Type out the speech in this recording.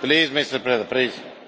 Please, Mr President, please.